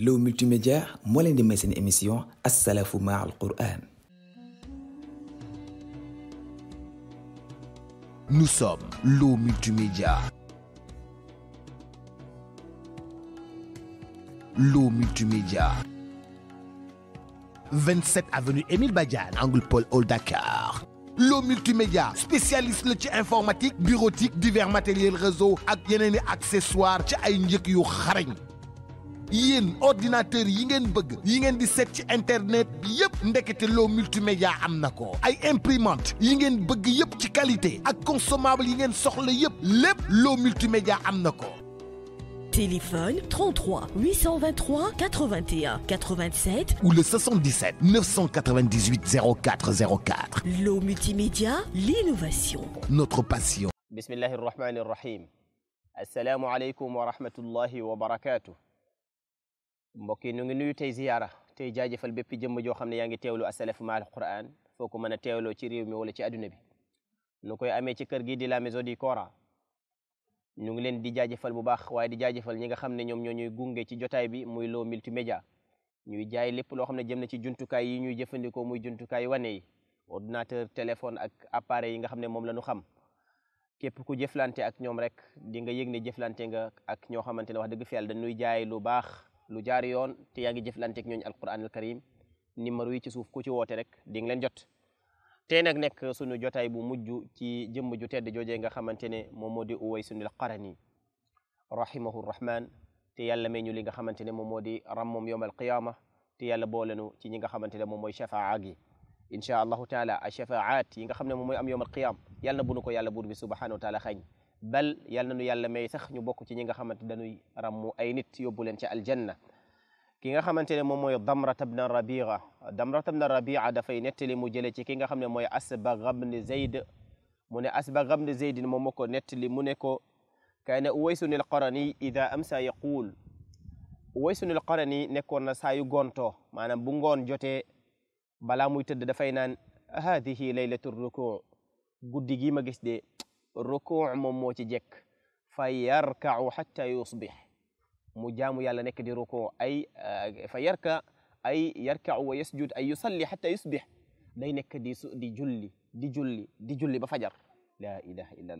L'eau multimédia moo leen di may émission assalafou ma al Qur'an. Nous sommes l'eau multimédia. L'eau multimédia. 27 avenue Émile Badiane angle Paul Hall Dakar. L'eau multimédia spécialiste la ci informatique bureautique divers matériel réseau ak yeneen i accessoires ci ay njëkk yu xarañ. yéen ordinateur yi ngeen bëgg yi ngeen di seet ci internet bi yëpp ndekete loo multimédia am na ko ay imprimante yi ngeen bëgg yëpp ci qualité ak consommable yi ngeen soxla yëpp lépp loo multimédia am na ko téléphone 33 823 81 87 ou le 77 998 04 04. L'eau multimédia, l'innovation. Notre passion. Bismillahir Rahmanir Rahim. Assalamu alaikum wa rahmatullahi wa barakatuh. mbokk yi nu ngi nuyu tey ziyaara tey jaajëfal bépp jëmm joo xam ne yaa ngi teewlu As-Salafou Mahal Qur'an foo ko mën a teewloo ci réew mi wala ci adduna bi nu koy amee ci kër gi di la maison du Coran ñu ngi leen di jaajëfal bu baax waaye di jaajëfal ñi nga xam ne ñoom ñoo ñuy gunge ci jotaay bi muy loo multimédia ñuy jaay lépp loo xam ne jëm na ci jumtukaay yi ñuy jëfandikoo muy jumtukaay wane yi ordinateur téléphone ak appareil yi nga xam ne moom la ñu xam képp ku jëflante ak ñoom rek di nga yëg ne jëflante nga ak ñoo xamante ne wax dëgg fi dañuy jaay lu baax lu jaar yoon te yaa ngi jëflanteeg ñooñu alquran al karim numéro yi ci suuf ku ci woote rek di nga jot tey nag nekk sunu jotaay bu mujj ci jëmm ju tedd joojee nga xamante ne moom moo di Uwaysunil Qarani rahimahu rahman te yàlla may ñu li nga xamante ne moom moo di rammum yowm al qiyama te yàlla boolenu ci ñi nga xamante ne moom mooy shafaa gi incha allahu taala a shafaat yi nga xam ne moom mooy am yowm al qiyam yàlla na bunu ko yàlla buur bi subhanahu wa taala xañ bal yal na nu yàlla may sax ñu bokk ci ñi nga xamante dañuy ràmmu ay nit yóbbu leen ci aljanna ki nga xamante ne moom mooy damrat bna rabia damrat bna rabia dafay nettali mu jële ci ki nga xam ne mooy asbag bne zayd mu ne asbag bne zaydin moom moo ko li mu ne ko kaana uwaysun alqarani ida amsa yaqul uwaysun alqarani nekkoon na saa yu gontoo maanaam bu ngoon jotee balaa muy tëdd dafay naan hadihi laylatu ruku guddi gii ma rukuu moom moo ci jekk fa yarkau xatta yusbix mu jaamu yàlla nekk di rukuu ay eh, fa yarka ay yarkau wa yasjud ay yusalli xatta yusbix day nekk di di julli di julli di julli ba fajar laa ilaha illa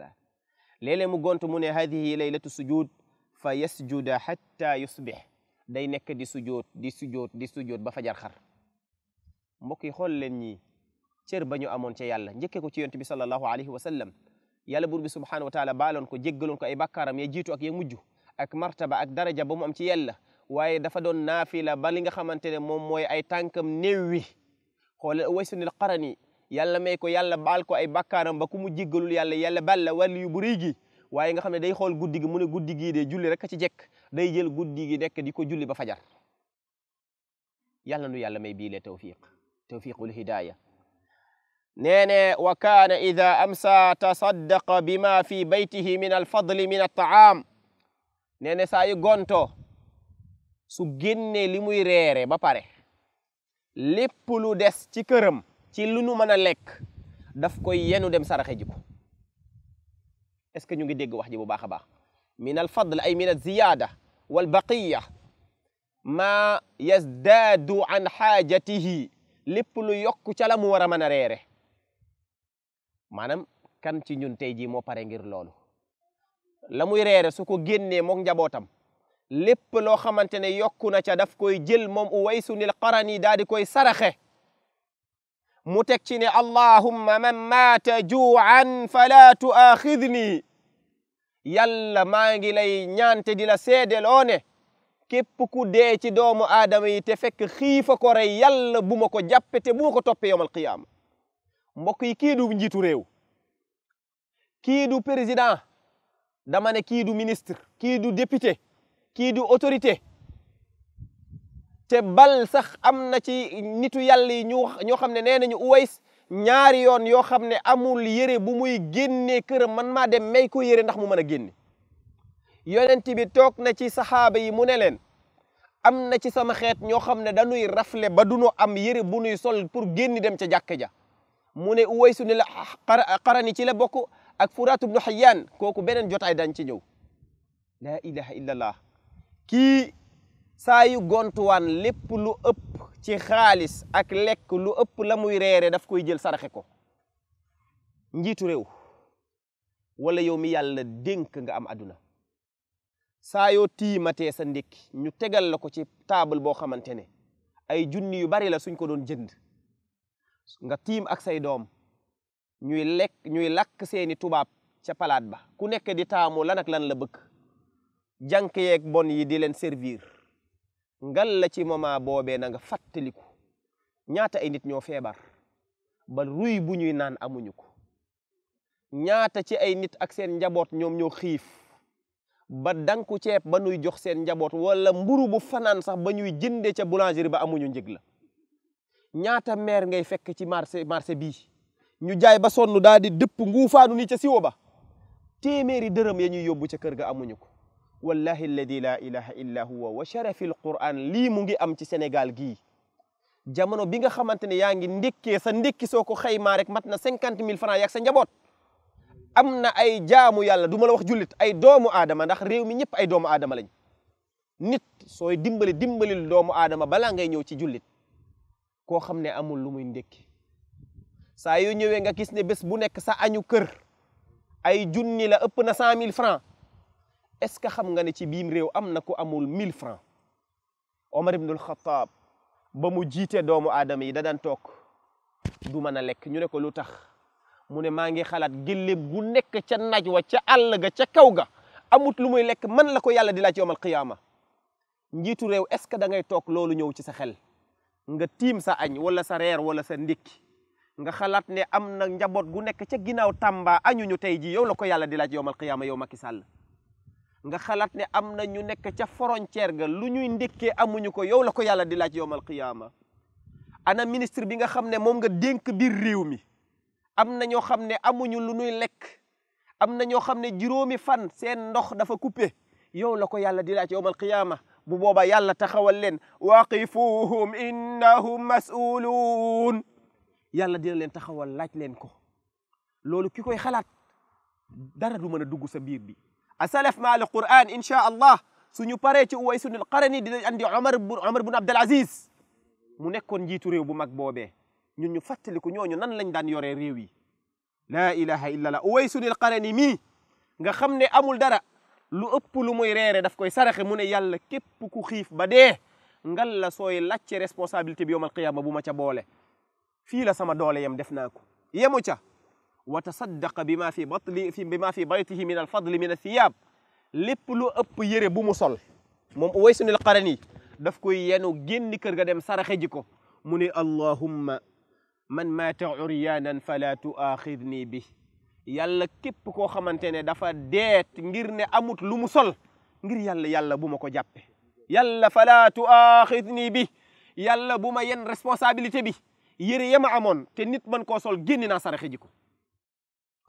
allah mu gontu mu ne hadihi laylatu sujud fa yasjuda xatta yusbix day nekk di sujoot di sujoot di sujoot ba fajar xar mbokk yi xool leen ñi cër ba ñu amoon ca yàlla njëkkee ko ci yonent bi sallallahu alayhi wa sallam yàlla buur bi subhanahu wa taala baaloon ko jéggaloon ko ay bàkkaaram ya jito ak ya mujj ak martaba ak daraja ba mu am ci yàlla waaye dafa doon naafila ba li nga xamante ne moom mooy ay tànkam néew wi xoole waysunil qarani yàlla may ko yàlla baal ko ay bakkaaram ba ku mu jéggalul yàlla yàlla baal la wàllu yu bu rëy gi waaye nga xam ne day xool guddi gi mu ne guddi gii de julli rek a ci jekk day jël guddi gi nekk di ko julli ba fajar yàlla nu yàlla may bii le tawfiq tawfiqul hidaya nee ne wa kaana ida amsa bi ma fi baytihi min alfadli min altaam nee ne saa yu gonto su génne li muy reere ba pare lépp lu des ci këram ci lu nu mën a lekk daf koy yenu dem saraxe ji ko est-ce que ñu ngi dégg wax ji bu baax a baax min alfadl ay min alziyaada walbaqiya ma yazdaadu an xaajatihi lépp lu yokk ca la mu war a mën a reere maanaam kan ci ñun tey jii moo pare ngir loolu la muy reere su ko génnee mook njabootam lépp loo xamante ne yokku na ca daf koy jël moom uwaysunil qarani daal di koy saraxe mu teg ci ne allahumma man maata juuan fala tuaxidni yàlla maa ngi lay ñaante di la seedeloo ne képp ku dee ci doomu aadama yi te fekk xiifa ko rey yàlla bu ma ko jàppe te bu ko toppee yowm al qiyaama mbokk yi kii njiitu réew kiidu président dama ne kii du ministre kii du député autorité te bal sax am na ci nitu yàlla yi ñu ñoo xam ne nee nañu uways ñaari yoon yoo xam ne amul yére bu muy génnee këram man maa dem may ko yére ndax mu mën a génne yonent bi toog na ci saxaaba yi mu ne leen am na ci sama xeet ñoo xam ne dañuy rafle ba duñu am yére bu nuy sol pour génni dem ca jàkka ja mu ne Uwaysu ne la qarani ci la bokk ak Furaat ibnu Xayaan kooku beneen jotaay dañ ci ñëw la ilaha illallah kii saa yu gontuwaan lépp lu ëpp ci xaalis ak lekk lu ëpp la muy reere daf koy jël saraxe ko njiitu réew wala yow mi yàlla dénk nga am àdduna saa yoo tiimatee sa ndékki ñu tegal la ko ci table boo xamante ne ay junni yu bari la suñ ko doon jënd nga tiim ak say doom ñuy lakk seeni tubaab ca palaat ba ku nekk di taamu lan ak lan la bëgg jànk yeeg bon yi di leen servir ngal la ci moment boobee na nga fàttaliku ñaata ay nit ñoo feebar ba ruy bu ñuy naan amuñu ko ñaata ci ay nit ak seen njaboot ñoom ñoo xiif ba danku ceeb ba nuy jox seen njaboot wala mburu bu fanaan sax ba ñuy jënde ca boulangerie ba amuñu njëg la ñaata meer ngay fekk ci marché marché bii ñu jaay ba sonn daal di dëpp nguufaanu ni ca siwo ba téeméeri dërëm yee ñuy yóbbu ca kër ga amuñu ko wallahi alladi la ilaha illa huwa wa sharafi l quran lii mu ngi am ci senegal gii jamono bi nga xamante ne yaa ngi ndékkee sa ndékki soo ko xaymaa rek mat na cinquante mille francs yaag sa njaboot am na ay jaamu yàlla du la wax jullit ay doomu aadama ndax réew mi ñëpp ay doomu aadama lañ nit sooy dimbali doomu aadama balaa ngay ñëw ci jullit koo xam ne amul lu muy ndékki saa yoo ñëwee nga gis ne bés bu nekk sa añu kër ay junni la ëpp na cent mille francs est-ce que xam nga ne ci biim réew am na ku amul mille francs Omar ibnul Xataab ba mu jiite doomu aadama yi da daan toog du mën a lekk ñu ne ko lu tax mu ne maa ngi xalaat gëléem gu nekk ca naj wa ca àll ga ca kaw ga amut lu muy lekk man la ko yàlla di laaj yawmal qiyaama njiitu réew est-ce que da ngay toog loolu ñëw ci sa xel nga tiim sa añ wala sa reer wala sa ndékki nga xalaat ne am na njaboot gu nekk ca ginnaaw Tamba añuñu tey jii yow la ko yàlla di laaj yowmal qiyaama yow Macky Sall nga xalaat ne am na ñu nekk ca frontière ga lu ñuy ndékkee amuñu ko yow la ko yàlla di laaj yowmal qiyaama ana ministre bi nga xam ne moom nga dénk biir réew mi am na ñoo xam ne amuñu lu ñuy lekk am na ñoo xam ne juróomi fan seen ndox dafa kuppe yow la ko yàlla di laaj yowmal qiyaama bu booba yàlla taxawal leen waqifuhum innahum mas'uluun yàlla dina leen taxawal laaj leen ko loolu ki koy xalaat dara du mën a dugg sa biir bi asalaf ma al quran inchaa allah suñu paree ci uway sunul qarani dinañ andi omar bu omar bun abdul aziz mu nekkoon njiitu réew bu mag boobee ñun ñu fàttaliku ñooñu nan lañ daan yoree réew yi laa ilaha illa allah uway sunul qarani mii nga xam ne amul dara lu ëpp lu muy reere daf koy saraxe mu ne yàlla képp ku xiif ba dee ngal la sooy lacce responsabilité bi yowmal qiyaama bu ma ca boole fii la sama doole yam def naa ko yemu ca wa tasaddaqa bi ma fi batli bi ma fi baytihi min alfadli min athiyaab lépp lu ëpp yére bu mu sol moom Uwaysul Qarani daf koy yenu génni kër ga dem saraxe ji ko mu ne allahumma man maata uryanan fala tuaxidni bi yàlla képp koo xamante ne dafa deet ngir ne amut lu mu sol ngir yàlla yàlla bu ma ko jàppe yàlla fala tuaxidni bi yàlla bu ma yenn responsabilité bi yére ya ma amoon te nit man ko sol génn naa saraxe ji ko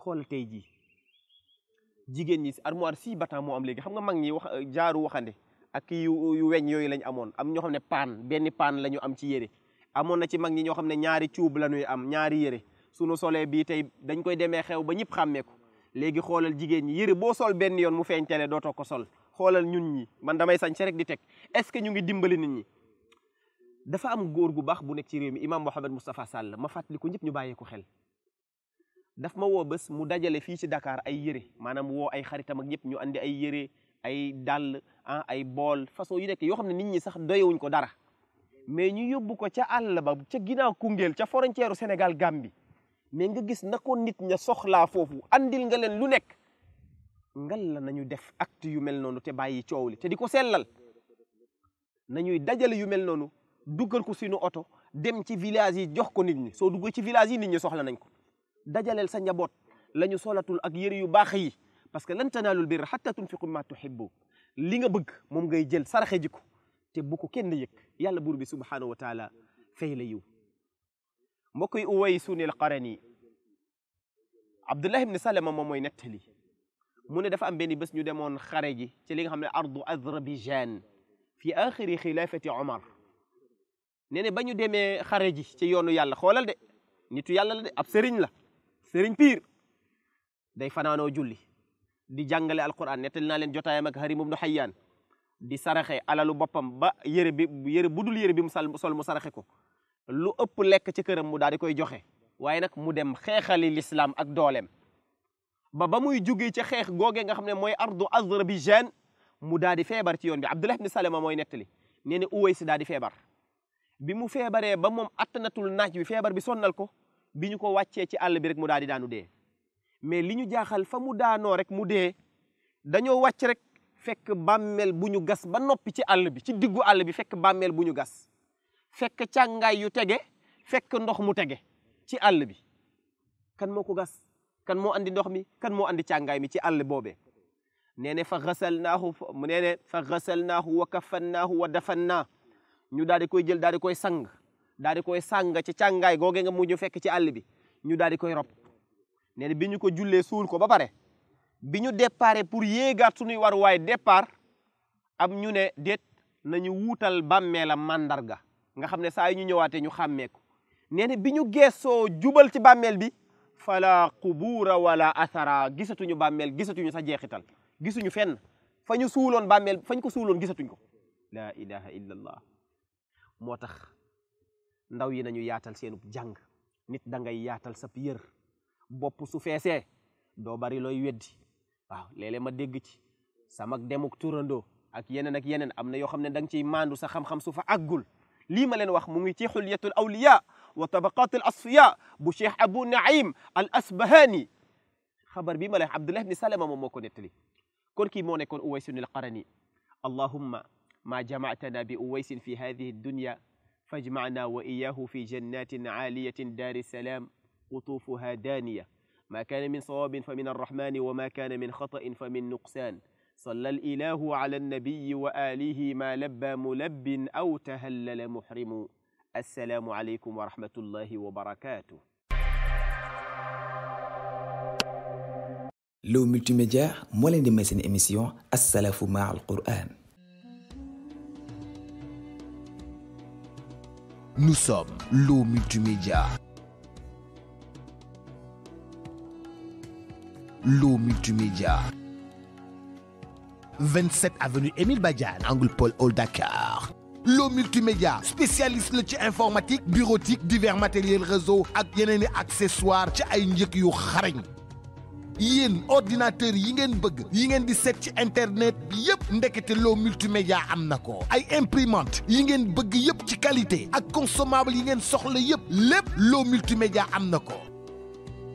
xool tey jii jigéen ñi armoire si batan moo am léegi xam nga mag ñi wax jaaru waxande ak yu yu weñ yooyu lañ amoon am ñoo xam ne paan benn paan la ñu am ci yére amoon na ci mag ñi ñoo xam ne ñaari cuub la ñuy am ñaari yére sunu solee bii tey dañ koy demee xew ba ñëpp xàmmeeku léegi xoolal jigéen ñi yëre boo sol benn yoon mu feeñ tele dootoo ko sol xoolal ñun ñi man damay sañse rek di teg est-ce que ñu ngi dimbali nit ñi dafa am góor gu baax bu nekk ci réew mi imaam Mouhamed Moustapha Sall ma fàttali ko ñëpp ñu bàyyee ko xel daf ma woo bés mu dajale fii ci dakaar ay yére maanaam woo ay xaritam ak ñëpp ñu andi ay yëre ay dàll ah ay bool façon yu nekk yoo xam ne nit ñi sax doyewuñ ko dara mais ñu yóbbu ko ca àll ba ca ginnaaw Koungheul ca frontière Sénégal Gambie mais nga gis na ko nit ña soxlaa foofu andil nga leen lu nekk ngal la ñu def acte yu mel noonu te bàyyi coow li te di ko sellal nañuy dajale yu mel noonu duggal ko suñu oto dem ci village yi jox ko nit ñi soo duggee ci village yi nit ñi soxla nañ ko dajaleel sa njaboot la ñu solatul ak yëre yu baax yi parce que lan tanaalul birra hatta tunfiqu mimma tuhibbu li nga bëgg moom ngay jël saraxe ji ko te bu kenn yëg yàlla buur bi subhanahu wa taala fay la yiw mbokk yi uway sunil qarani abdullah ibni salama moom mooy nettali mu ne dafa am benn bés ñu demoon xare ji ci li nga xam ne ardu azrabijan fi axiri xilaafati omar nee ne ba ñu demee xare ji ci yoonu yàlla xoolal de nitu yàlla la de ab sëriñ la sëriñ piir day fanaanoo julli di jàngale alquran nettali naa leen jotaayam ak harim ibnu xayyaan di saraxe alalu boppam ba yére bi yére budul yére bi mu sol mu saraxe ko lu ëpp lekk ci këram mu daal di koy joxe waaye nag mu dem xeexali lislaam ak dooleem ba ba muy jugee ci xeex googe nga xam ne mooy ardu Azerbaïdjan mu daal di feebar ci yoon bi Abdullah ibn Salama mooy nettali nee na Uways daal di feebar bi mu feebaree ba moom attanatul naaj wi feebar bi sonnal ko bi ñu ko wàccee ci àll bi rek mu daal di daanu dee mais li ñu jaaxal fa mu daanoo rek mu dee dañoo wacc rek fekk bàmmeel bu ñu gas ba noppi ci àll bi ci diggu àll bi fekk bàmmeel bu ñu gas fekk càngaay yu tege fekk ndox mu tege ci àll bi kan moo ko gas kan moo andi ndox mi kan moo andi càngaay mi ci àll boobe nee ne fa xasalnaahu mu nee ne fa xasalnaahu wa kafannaahu wa dafannaa ñu daal di koy jël daal di koy sang daal di koy sàng ci càngaay googe nga mu fekk ci àll bi ñu daal di koy rob nee ne bi ñu ko jullee suul ko ba pare bi ñu départ pour yéegaat suñuy war waaye départ am ñu ne déet nañu wuutal bàmmeelam màndarga nga xam ne saa yi ñu ñëwaatee ñu xàmmeeku nee na bi ñu geesoo jubal ci bàmmeel bi fala qubuura wala athara gisatuñu bàmmeel gisatuñu sa jeexital gisuñu fenn fa ñu suuloon bàmmeel fañ ko suuloon gisatuñ ko la ilaha illa moo tax ndaw yi nañu yaatal seenub jàng nit dangay yaatal sab yër bopp su feesee doo bari looy weddi waaw léeg ma dégg ci sama demuk turandoo ak yeneen ak yeneen am na yoo xam ne da nga ciy maandu sa xam-xam su fa àggul lii ma leen wax mu ngi ci xulyatul awliya wa tabaqat al asfiya bu cheikh abu naim al asbahani xabar bii ma leen abdullah ibni salama moom moo ko nettali kon kii moo nekkoon uwaysun al qarani allahumma ma jamaatana bi uwaysin fi hadihi dunya fajmacna wa iyahu fi jannatin caaliyatin daari salaam qutuufuha daaniya ma kaana min sawabin fa min arrahmani wa ma kaana min xatain fa min nuqsaan صلى الإله على النبي وآله ما لبى ملب أو تهلل محرم السلام عليكم ورحمة الله وبركاته L'eau multimédia moo leen di may seen émission Assalafou Mahal Qur'an Nous sommes l'eau multimédia l'eau multimédia 27 avenue Émile Badiane angle Paul Hall Dakar loo multimédia spécialiste la ci informatique bureautique divers matériel réseau ak yeneen i accessoires ci ay njëkk yu xarañ yéen ordinateur yi ngeen bëgg yi ngeen di set ci internet bi yëpp ndekete loo multimédia am na ko ay imprimante yi ngeen bëgg yëpp ci qualité ak consommable yi ngeen soxla yëpp lépp loo multimédia am na ko